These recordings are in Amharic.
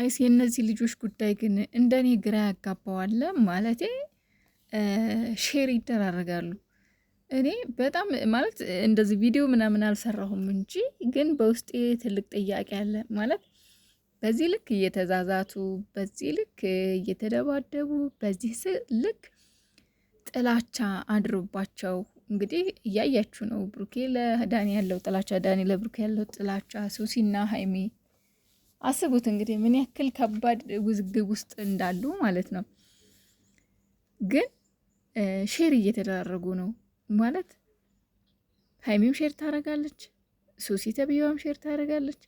አይስ የእነዚህ ልጆች ጉዳይ ግን እንደኔ ግራ ያጋባዋለ። ማለቴ ሼር ይደራረጋሉ። እኔ በጣም ማለት እንደዚህ ቪዲዮ ምናምን አልሰራሁም እንጂ ግን በውስጤ ትልቅ ጥያቄ አለ። ማለት በዚህ ልክ እየተዛዛቱ፣ በዚህ ልክ እየተደባደቡ፣ በዚህ ልክ ጥላቻ አድሮባቸው እንግዲህ እያያችሁ ነው። ብሩኬ ለዳኒ ያለው ጥላቻ፣ ዳኒ ለብሩኬ ያለው ጥላቻ፣ ሱሲና ሀይሜ። አስቡት እንግዲህ ምን ያክል ከባድ ውዝግብ ውስጥ እንዳሉ ማለት ነው። ግን ሼር እየተደራረጉ ነው ማለት ሀይሚም ሼር ታረጋለች፣ ሶሲ ተብዬዋም ሼር ታረጋለች፣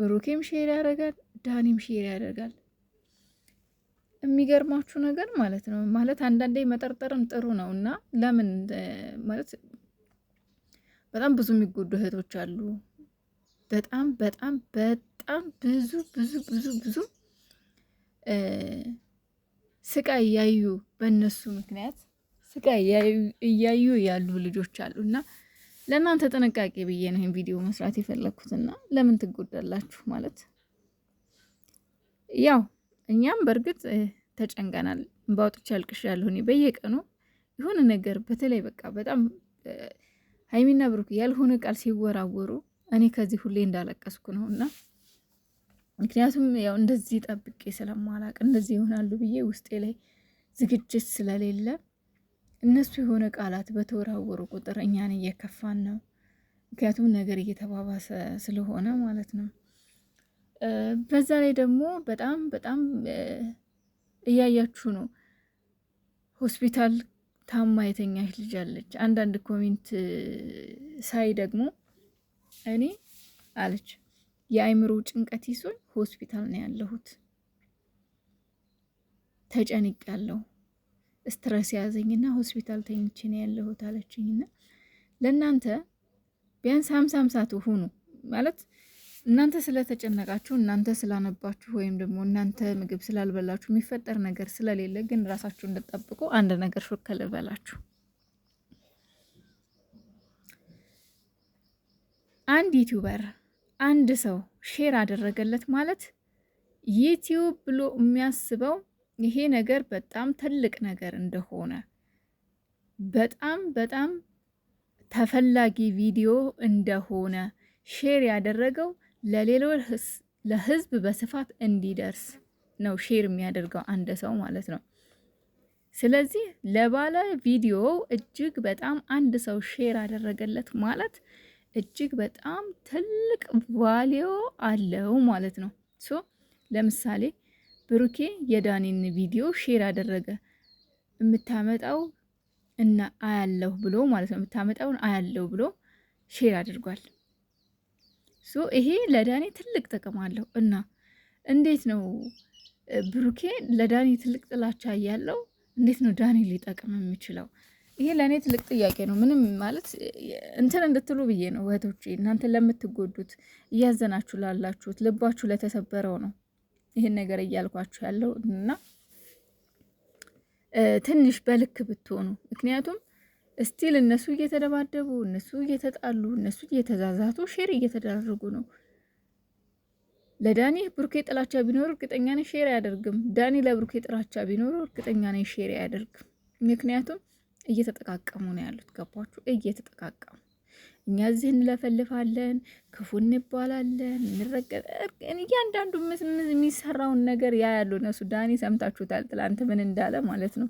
ብሩኬም ሼር ያደርጋል፣ ዳኒም ሼር ያደርጋል። የሚገርማችሁ ነገር ማለት ነው ማለት አንዳንዴ መጠርጠርም ጥሩ ነው እና ለምን ማለት በጣም ብዙ የሚጎዱ እህቶች አሉ። በጣም በጣም በጣም ብዙ ብዙ ብዙ ብዙ ስቃይ እያዩ በእነሱ ምክንያት ስቃይ እያዩ ያሉ ልጆች አሉ እና ለእናንተ ጥንቃቄ ብዬ ነው ይህን ቪዲዮ መስራት የፈለግኩትና ለምን ትጎዳላችሁ ማለት ያው እኛም በእርግጥ ተጨንቀናል። ባውጥቻ አልቅሻለሁ። እኔ በየቀኑ የሆነ ነገር በተለይ በቃ በጣም ሀይሚና ብሩክ ያልሆነ ቃል ሲወራወሩ እኔ ከዚህ ሁሌ እንዳለቀስኩ ነው እና ምክንያቱም ያው እንደዚህ ጠብቄ ስለማላቅ እንደዚህ ይሆናሉ ብዬ ውስጤ ላይ ዝግጅት ስለሌለ እነሱ የሆነ ቃላት በተወራወሩ ቁጥር እኛን እየከፋን ነው። ምክንያቱም ነገር እየተባባሰ ስለሆነ ማለት ነው። በዛ ላይ ደግሞ በጣም በጣም እያያችሁ ነው። ሆስፒታል ታማ የተኛች ልጅ አለች። አንዳንድ ኮሜንት ሳይ ደግሞ እኔ አለች የአእምሮ ጭንቀት ይዞኝ ሆስፒታል ነው ያለሁት። ተጨንቅ ያለው ስትረስ ያዘኝና ሆስፒታል ተኝቼ ነው ያለሁት አለችኝና ለእናንተ ቢያንስ ሀምሳ ሀምሳ ትሆኑ ማለት እናንተ ስለተጨነቃችሁ እናንተ ስላነባችሁ ወይም ደግሞ እናንተ ምግብ ስላልበላችሁ የሚፈጠር ነገር ስለሌለ ግን ራሳችሁ እንድጠብቁ አንድ ነገር ሹክ በላችሁ። አንድ ዩቲዩበር አንድ ሰው ሼር አደረገለት ማለት ዩቲዩብ ብሎ የሚያስበው ይሄ ነገር በጣም ትልቅ ነገር እንደሆነ በጣም በጣም ተፈላጊ ቪዲዮ እንደሆነ ሼር ያደረገው ለሌሎ ለህዝብ በስፋት እንዲደርስ ነው ሼር የሚያደርገው አንድ ሰው ማለት ነው። ስለዚህ ለባለ ቪዲዮ እጅግ በጣም አንድ ሰው ሼር አደረገለት ማለት እጅግ በጣም ትልቅ ቫሊዮ አለው ማለት ነው። ሶ ለምሳሌ ብሩኬ የዳኒን ቪዲዮ ሼር አደረገ የምታመጣው እና አያለሁ ብሎ ማለት ነው። የምታመጣውን አያለሁ ብሎ ሼር አድርጓል። ሶ ይሄ ለዳኒ ትልቅ ጥቅም አለው እና እንዴት ነው ብሩኬ ለዳኒ ትልቅ ጥላቻ ያለው እንዴት ነው ዳኒ ሊጠቅም የሚችለው? ይሄ ለእኔ ትልቅ ጥያቄ ነው። ምንም ማለት እንትን እንድትሉ ብዬ ነው እህቶቼ፣ እናንተ ለምትጎዱት እያዘናችሁ ላላችሁት ልባችሁ ለተሰበረው ነው ይህን ነገር እያልኳችሁ ያለው እና ትንሽ በልክ ብትሆኑ። ምክንያቱም እስቲል እነሱ እየተደባደቡ እነሱ እየተጣሉ እነሱ እየተዛዛቱ ሼር እየተደረጉ ነው። ለዳኒ ብሩኬ ጥላቻ ቢኖር እርግጠኛ ነኝ ሼር አያደርግም። ዳኒ ለብሩኬ ጥላቻ ቢኖሩ እርግጠኛ ነኝ ሼር አያደርግም። ምክንያቱም እየተጠቃቀሙ ነው ያሉት። ገባችሁ? እየተጠቃቀሙ እኛ እዚህ እንለፈልፋለን፣ ክፉ እንባላለን፣ እንረገጥ እያንዳንዱ የሚሰራውን ነገር ያ ያለው እነሱ ዳኒ ሰምታችሁታል፣ ትላንት ምን እንዳለ ማለት ነው።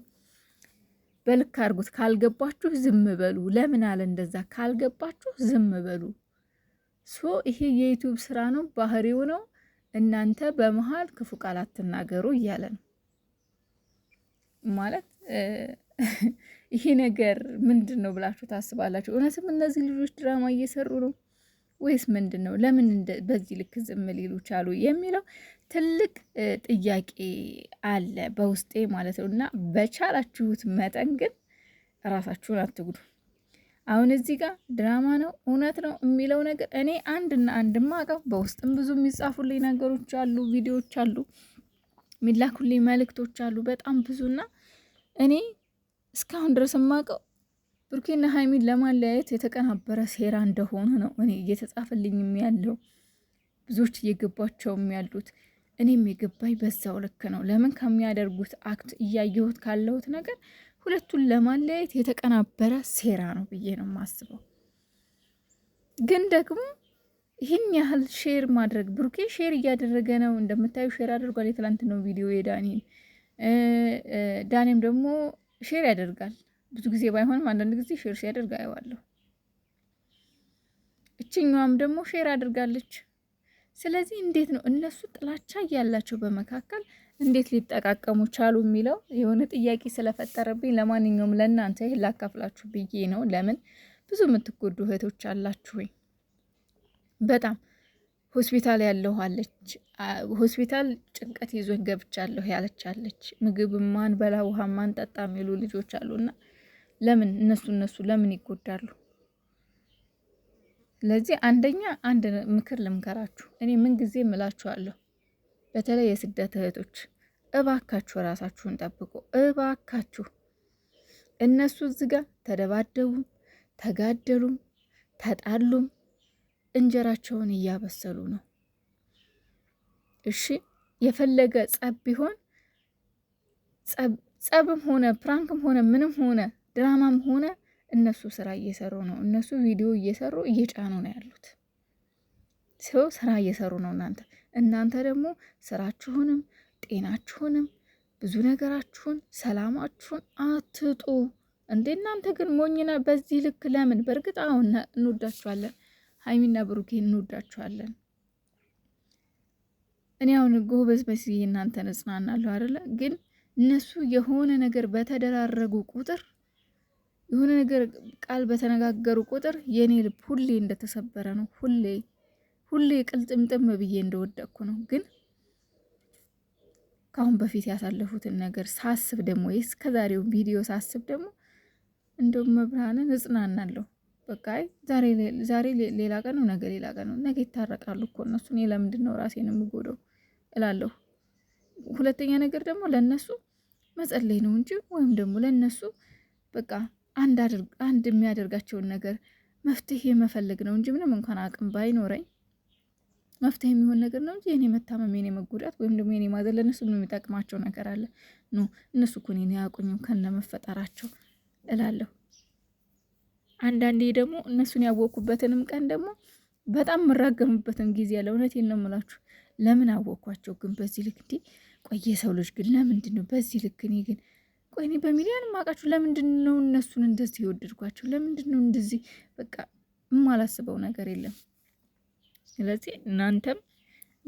በልክ አድርጉት። ካልገባችሁ ዝም በሉ። ለምን አለ እንደዛ? ካልገባችሁ ዝም በሉ። ሶ ይሄ የዩቱብ ስራ ነው፣ ባህሪው ነው። እናንተ በመሀል ክፉ ቃል አትናገሩ እያለ ነው ማለት ይሄ ነገር ምንድን ነው ብላችሁ ታስባላችሁ? እውነትም እነዚህ ልጆች ድራማ እየሰሩ ነው ወይስ ምንድን ነው? ለምን በዚህ ልክ ዝም ሊሉ ቻሉ የሚለው ትልቅ ጥያቄ አለ በውስጤ ማለት ነው። እና በቻላችሁት መጠን ግን ራሳችሁን አትጉዱ። አሁን እዚህ ጋር ድራማ ነው እውነት ነው የሚለው ነገር እኔ አንድና አንድ አውቃው። በውስጥም ብዙ የሚጻፉልኝ ነገሮች አሉ፣ ቪዲዮዎች አሉ፣ የሚላኩልኝ መልእክቶች አሉ በጣም ብዙና እኔ እስካሁን ድረስ የማውቀው ብሩኬና ሀይሚን ለማለያየት የተቀናበረ ሴራ እንደሆነ ነው እኔ እየተጻፈልኝም ያለው ብዙዎች እየገባቸውም ያሉት እኔም የገባኝ በዛው ልክ ነው። ለምን ከሚያደርጉት አክት እያየሁት ካለሁት ነገር ሁለቱን ለማለያየት የተቀናበረ ሴራ ነው ብዬ ነው የማስበው። ግን ደግሞ ይህን ያህል ሼር ማድረግ ብሩኬ ሼር እያደረገ ነው እንደምታዩ ሼር አድርጓል። የትላንት ነው ቪዲዮ የዳኒን ዳኒም ደግሞ ሼር ያደርጋል። ብዙ ጊዜ ባይሆንም አንዳንድ ጊዜ ሼር ሲያደርግ አየዋለሁ። እችኛዋም ደግሞ ሼር አድርጋለች። ስለዚህ እንዴት ነው እነሱ ጥላቻ እያላቸው በመካከል እንዴት ሊጠቃቀሙ ቻሉ የሚለው የሆነ ጥያቄ ስለፈጠረብኝ፣ ለማንኛውም ለእናንተ ይህን ላካፍላችሁ ብዬ ነው። ለምን ብዙ የምትጎዱ እህቶች አላችሁኝ በጣም ሆስፒታል ያለሁ አለች። ሆስፒታል ጭንቀት ይዞኝ ገብቻለሁ ያለች አለች። ምግብ ማን በላ ውሃ ማን ጠጣ የሚሉ ልጆች አሉና ለምን እነሱ እነሱ ለምን ይጎዳሉ? ስለዚህ አንደኛ አንድ ምክር ልምከራችሁ። እኔ ምን ጊዜ ምላችኋለሁ፣ በተለይ የስደት እህቶች እባካችሁ ራሳችሁን ጠብቁ። እባካችሁ እነሱ እዚህ ጋር ተደባደቡም፣ ተጋደሉም፣ ተጣሉም እንጀራቸውን እያበሰሉ ነው። እሺ የፈለገ ጸብ ቢሆን ጸብም ሆነ ፕራንክም ሆነ ምንም ሆነ ድራማም ሆነ እነሱ ስራ እየሰሩ ነው። እነሱ ቪዲዮ እየሰሩ እየጫኑ ነው ያሉት። ሰው ስራ እየሰሩ ነው። እናንተ እናንተ ደግሞ ስራችሁንም ጤናችሁንም ብዙ ነገራችሁን ሰላማችሁን አትጡ እንዴ! እናንተ ግን ሞኝና በዚህ ልክ ለምን? በእርግጥ አሁን እንወዳችኋለን። ሀይሚና ብሩኬን እንወዳችኋለን። እኔ አሁን ጎበዝ መስዬ እናንተን እጽናናለሁ አይደለ? ግን እነሱ የሆነ ነገር በተደራረጉ ቁጥር የሆነ ነገር ቃል በተነጋገሩ ቁጥር የእኔ ልብ ሁሌ እንደተሰበረ ነው። ሁሌ ሁሌ ቅልጥምጥም ብዬ እንደወደቅኩ ነው። ግን ከአሁን በፊት ያሳለፉትን ነገር ሳስብ ደግሞ እስከ ዛሬው ቪዲዮ ሳስብ ደግሞ እንደውም መብርሃንን እጽናናለሁ። በቃ ዛሬ ሌላ ቀን ነው፣ ነገ ሌላ ቀን ነው። ነገ ይታረቃሉ እኮ እነሱ። እኔ ለምንድን ነው ራሴን የምጎደው እላለሁ። ሁለተኛ ነገር ደግሞ ለእነሱ መጸለይ ነው እንጂ ወይም ደግሞ ለእነሱ በቃ አንድ የሚያደርጋቸውን ነገር መፍትሄ መፈለግ ነው እንጂ ምንም እንኳን አቅም ባይኖረኝ መፍትሄ የሚሆን ነገር ነው እንጂ የኔ መታመም የኔ መጎዳት ወይም ደግሞ የኔ ማዘን ለእነሱ የሚጠቅማቸው ነገር አለ? ኖ እነሱ እኮ እኔን አያውቁኝም ከነ መፈጠራቸው እላለሁ። አንዳንዴ ደግሞ እነሱን ያወቅኩበትንም ቀን ደግሞ በጣም የምራገምበትን ጊዜ ያለ። እውነቴን ነው የምላችሁ። ለምን አወቅኳቸው ግን በዚህ ልክ እንዴ? ቆየ ሰው ልጅ ግን ለምንድን ነው በዚህ ልክ እኔ ግን ቆይ እኔ በሚሊዮን ማውቃችሁ ለምንድን ነው እነሱን እንደዚህ የወደድኳቸው? ለምንድን ነው እንደዚህ በቃ የማላስበው ነገር የለም። ስለዚህ እናንተም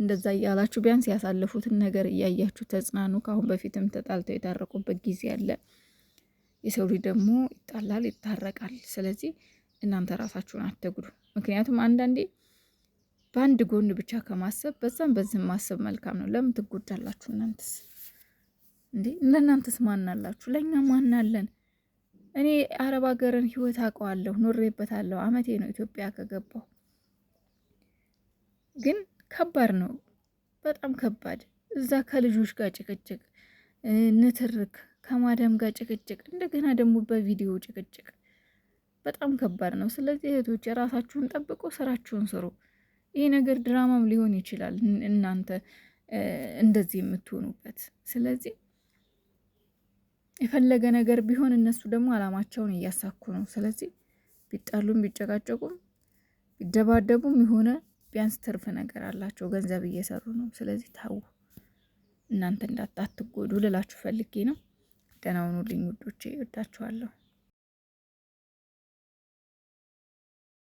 እንደዛ እያላችሁ ቢያንስ ያሳለፉትን ነገር እያያችሁ ተጽናኑ። ከአሁን በፊትም ተጣልተው የታረቁበት ጊዜ አለ። የሰው ልጅ ደግሞ ይጣላል፣ ይታረቃል። ስለዚህ እናንተ ራሳችሁን አትጉዱ። ምክንያቱም አንዳንዴ በአንድ ጎን ብቻ ከማሰብ በዛም በዚህም ማሰብ መልካም ነው። ለምን ትጎዳላችሁ? እናንተስ እንዴ ለእናንተስ ማን አላችሁ? ለእኛ ማን አለን? እኔ አረብ ሀገርን ህይወት አውቀዋለሁ፣ ኖሬበታለሁ። አመቴ ነው ኢትዮጵያ ከገባሁ። ግን ከባድ ነው፣ በጣም ከባድ። እዛ ከልጆች ጋር ጭቅጭቅ፣ ንትርክ ከማዳም ጋር ጭቅጭቅ፣ እንደገና ደግሞ በቪዲዮ ጭቅጭቅ በጣም ከባድ ነው። ስለዚህ እህቶች የራሳችሁን ጠብቆ ስራችሁን ስሩ። ይህ ነገር ድራማም ሊሆን ይችላል እናንተ እንደዚህ የምትሆኑበት። ስለዚህ የፈለገ ነገር ቢሆን እነሱ ደግሞ አላማቸውን እያሳኩ ነው። ስለዚህ ቢጣሉም ቢጨቃጨቁም ቢደባደቡም የሆነ ቢያንስ ትርፍ ነገር አላቸው፣ ገንዘብ እየሰሩ ነው። ስለዚህ ታው እናንተ እንዳታትጎዱ ልላችሁ ፈልጌ ነው። ደህና ሁኑልኝ ውዶቼ፣ እወዳችኋለሁ።